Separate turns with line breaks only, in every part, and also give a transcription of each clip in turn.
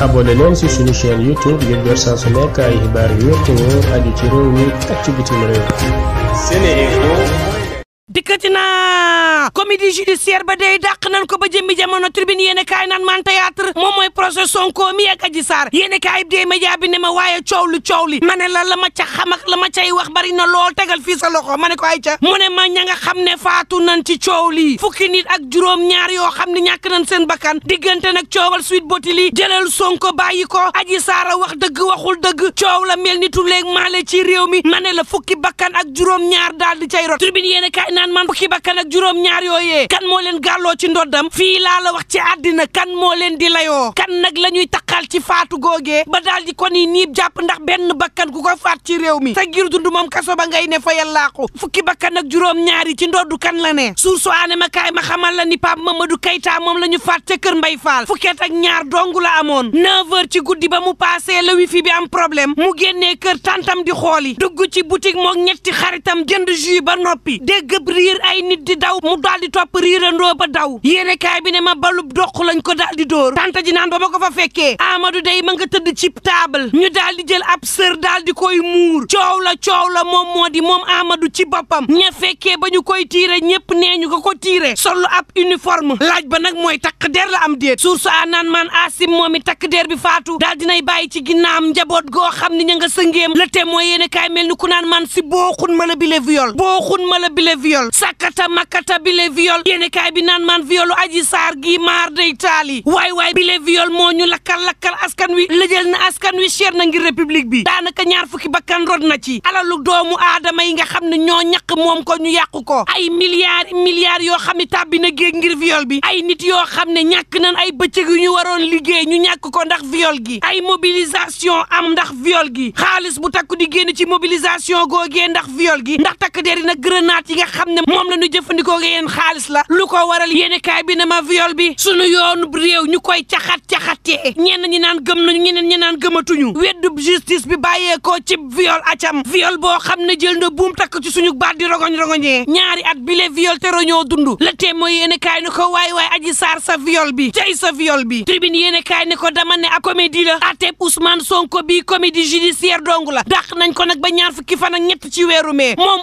abonné leen ci suñu chaîne YouTube ngir saa su ay xibaar yu wér te wóor aju ci réew mi ak ci bitim dikkati naa comédie judiciaire ba day dàq nañ ko ba jëmmi jamono tribune yéen a kaay naan man théâtre moom mooy procès Sonko mi ak Adji Sarr yéen a kaay dee bi ne ma waaye coow lu coow li ma ne la la ma ca xam la ma cay wax bari na lool tegal fii sa loxo ma ne ko ay ca mu ne ma ña nga xam ne faatu nan ci coow li fukki nit ak juróom ñaar yoo xam ne ñàkk nañ seen bakkan diggante nag coowal suite boti li jëlal Sonko bàyyi ko Adji Sarr wax dëgg waxul dëgg coow la mel ni tulleeg maale ci réew mi ma ne la fukki bakkan ak juróom ñaar daal di cay rot tribune naan man fukki bakkan ak juróom ñaar yooyee kan moo leen gàlloo ci ndoddam fii laa la wax ci àddina kan moo leen di layoo kan nag la ñuy taqal ci faatu googe ba daal di ni niib jàpp ndax benn bakkan ku ko faat ci réew mi te ngir dund moom kaso ba ngay ne fa yàllaaqu fukki bakkan ak juróom ñaari ci ndoddu kan la ne suur su aane ma kaay ma xamal la ni Pape du Keita moom la ñu faat kër Mbay Faal fukkeet ak ñaar dongu la amoon 9h ci guddi ba mu paasee la wifi bi am problème mu génnee kër tantam di xooli dugg ci boutique moog ñetti xaritam jënd jus ba noppi dégg riir ay nit di daw mu daal di topp riirandoo ba daw yéene kaay bi ne ma balub doq lañ ko daal di dóor tante ji naan ba ma ko fa fekkee Amadou day ma nga tëdd ci taabal ñu daal di jël ab sër daal di koy muur coow la coow la moom moo di moom amadu ci boppam ña fekkee ba ñu koy tiire ñëpp nee ñu ko ko tiire sol ab uniforme laaj ba nag mooy takk der la am déet suur su naan maan si moom i takk der bi faatu daal dinay bàyyi ci ginnaam njaboot goo xam ni ña nga sëngeem le témoin yéene kaay ku naan maan si boo xun ma viol sakata makata bile viol yéene kaay bi naan maan violu aji saar gii maar day taali waay waay bile viol moo ñu lakkal lakkal askan wi lëjël na askan wi cher na ngir république bi daanaka ñaar fukki bakkan rod na ci alalu doomu aadama yi nga xam ne ñoo ñaq moom ko ñu yàqu ko ay milliards milliards yoo xam ne tàbbi na géej ngir viol bi ay nit yoo xam ne ñàkk nañ ay bëccëg yu ñu waroon liggéey ñu ñàkk ko ndax viol gi ay mobilisation am ndax viol gi xaalis bu takku di génn ci mobilisation googee ndax ndax takk xam ne moom la ñu jëfandikoo yéen xaalis la lu ko waral yéen kaay bi ne ma viol bi suñu yoonu réew ñu koy caxat caxatee ñenn ñi naan gëm nañu ñi naan gëmatuñu weddub justice bi bàyyeekoo ci viol acam viol boo xam ne jël na buum takk ci suñu baat di rogoñ rogoñee ñaari at bi le te roñoo dund la tee mooy yéen kaay ko waay waay aji saar sa viol bi tey sa viol bi tribune yéen kaay ne ko dama a comédie la ateb Ousmane Sonko bi comédie judiciaire dong la dàq nañ ko nag ba ñaar fukki fan ak ñett ci weeru mee moom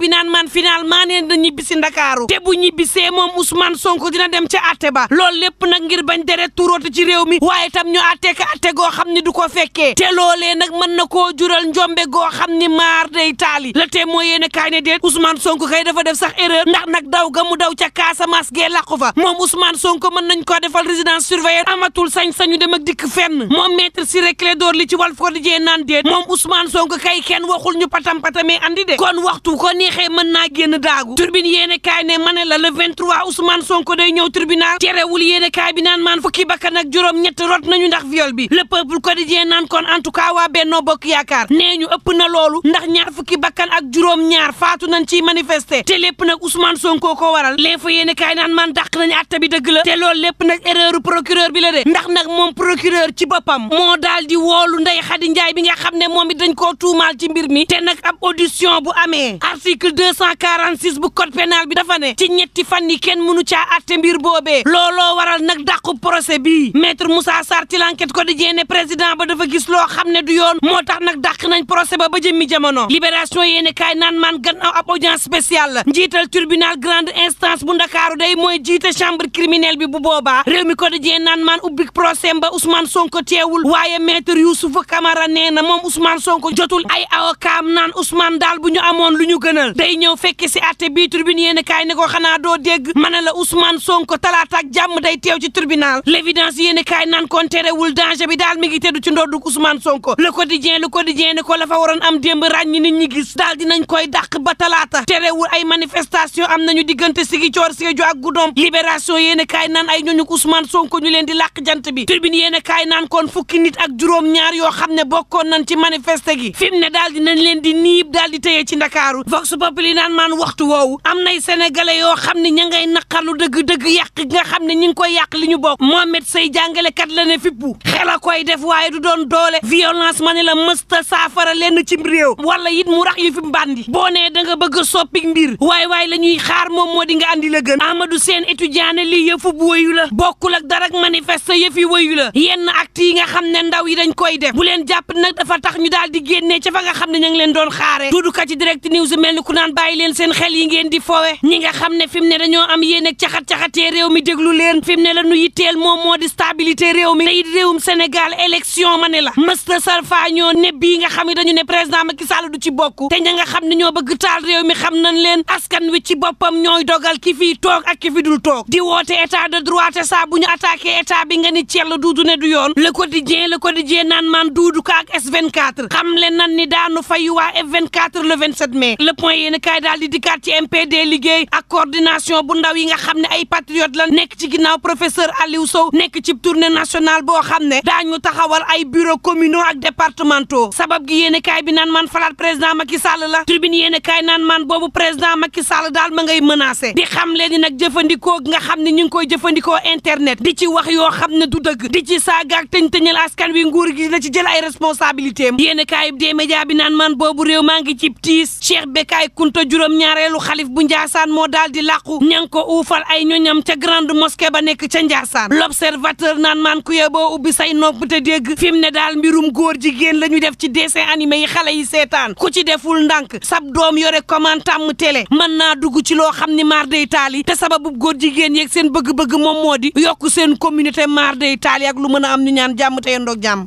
binaan naan man final maa neen na ñibbisi ndakaaru te bu ñibbisee moom Ousmane Sonko dina dem ca àtte ba loolu lépp nag ngir bañ deret tuurootu ci réew mi waaye tam ñu àtte ka àtte goo xam ni du ko fekkee te loole nag mën na koo jural njombe goo xam ni maar day taali la te moo yéene kaay ne déet Ousmane Sonko kay dafa def sax erreur ndax nag daw ga mu daw ca Casamance gee làqu fa moom Ousmane Sonko mën nañ koo defal résidence surveillée amatul sañ-sañu dem ak dikk fenn moom maître Ciré Clédor Ly ci Walf Quotidien naan déet moom Ousmane Sonko kay kenn waxul ñu patam patamee andi de kon waxtu ko ne neexee mën naa génn daagu turbine yéene kaay ne ma ne la le 23 Ousmane Sonko day ñëw tribunal wul yéene kaay bi naan maan fukki bakkan ak juróom rot nañu ndax viol bi le peuple quotidien naan kon en tout cas Yaakaar nee ñu ëpp na loolu ndax ñaar fukki bakkan ak juróom ñaar faatu nañ ci manifester te lépp nag Ousmane Sonko ko waral l'info yéene kaay naan maan dàq nañu atta bi dëgg la te loolu lépp nag erreur procureur bi la de ndax nag moom procureur ci boppam moo daal di woolu Ndeye Khady Ndiaye bi nga xam ne moom bi dañ koo tuumaal ci mbir mi te nag ab audition bu amee article article 246 bu code pénal bi dafa ne ci ñetti fan yi kenn mënu caa atte mbir boobee looloo waral nag dàqu procès bii maître Moussa Sarr ci l'enquête quotidien ne ba dafa gis loo xam ne du yoon moo tax nag dàq nañ procès ba ba jëmmi jamono libération yéene kaay naan maan gannaaw ab audience la njiital tribunal grande instance bu ndakaaru day mooy jiite chambre criminelle bi bu boobaa réew mi quotidien naan maan ubbik procès ba Ousmane Sonko teewul waaye maître Youssouf Camara nee na moom Ousmane Sonko jotul ay awokaam naan Ousmane daal bu Sall day ñëw fekk si atte bii tribune yéen kaay ne ko xanaa doo dégg ma ne la Ousmane Sonko talaata ak jàmm day teew ci tribunal l'évidence yéen kaay naan kon terewul danger mi ngi teddu ci ndoddu Ousmane Sonko le quotidien le quotidien ne ko la fa waroon am démb ràññi nit ñi gis dinañ koy dàq ba talaata terewul ay manifestation am nañu diggante sigi coor Sédhiou ak Goudomp libération yéen kaay naan ay ñooñu Ousmane Sonko ñu leen di làq jant bi tribune yéen kaay naan fukki nit ak juróom ñaar yoo xam ne bokkoon nañ ci manifeste gi fi ne daal dinañ leen di niib daal di tëye ci Ndakaaru vox populi naan maan waxtu woowu am nay sénégalais yoo xam ne ña ngay naqarlu dëgg-dëgg yàq nga xam ne ñi ngi koy yàq li ñu bokk Mohamed Sey jàngalekat la ne fippu xel def waaye du doon doole violence ma ne la mësta saafara lenn cim réew wala it mu rax yu fi boo nee da bëgg a soppi mbir waaye waaye la ñuy xaar moom moo di nga andi la gën Amadou Sène étudiant ne lii yëfu bu wëyu la bokkul ak dara ak manifeste yëf yi wëyu la yenn acte yi nga xam ne ndaw leen jàpp nag dafa tax ñu daal di génnee ca fa leen doon xaare duuduka ci direct news mel benn ku naan bàyyi leen seen xel yi ngeen di fowe ñi nga xam ne fi ne dañoo am yéen ak caxat-caxatee réew mi déglu leen fi ne la nu yitteel moom moo di stabilité réew mi tey réewum Sénégal élection ma ne la mësta sarfa ñoo ne bii nga xam ne dañu ne président Macky Sall du ci bokk te ña nga xam ne ñoo bëgg taal réew mi xam nañ leen askan wi ci boppam ñooy dogal ki fii toog ak ki fi dul toog di woote état de droit te bu ñu attaqué état bi nga ni cell duudu ne du yoon le quotidien le quotidien naan maan duudu ka ak S24 xam leen nan ni daanu fayu waa F24 le 27 mai point yéen a kaay daal di dikkaat ci MPD liggéey ak coordination bu ndaw yi nga xam ne ay patriote lan nekk ci ginnaaw professeur Aliou Sow nekk ci tournée nationale boo xam ne daañu taxawal ay bureaux communaux ak départementaux sabab yéen kaay bi naan man falaat président Macky Sall la tribune yéen a kaay naan man boobu président Macky Sall daal ma ngay menacé di xam leen ni nag jëfandikoo nga xam ni ñu ngi koy jëfandikoo internet di ci wax yoo xam ne du dëgg di ci saagaak tëñ-tëñal kan wi nguur gi na ci jël ay responsabilité am yéen a kaay des bi naan man boobu réew maa ngi ci tiis Cheikh Bekka Njaay Kunta juróom-ñaareelu xalif bu Njaasaan moo daal di làqu ña ko uufal ay ñoñam ca grande mosquée ba nekk ca Njaasaan l'observateur naan maan ku yeboo ubbi say nopp te dégg fi mu ne daal mbirum góor jigéen la ñu def ci dessin animé yi xale yi seetaan ku ci deful ndànk sab doom yore commande tàmm télé mën naa dugg ci loo xam ni maar day taali te sababu góor jigéen yeeg seen bëgg-bëgg moom moo di yokk seen communauté maar day taali ak lu mën a am ñu ñaan jàmm te yendoog jàmm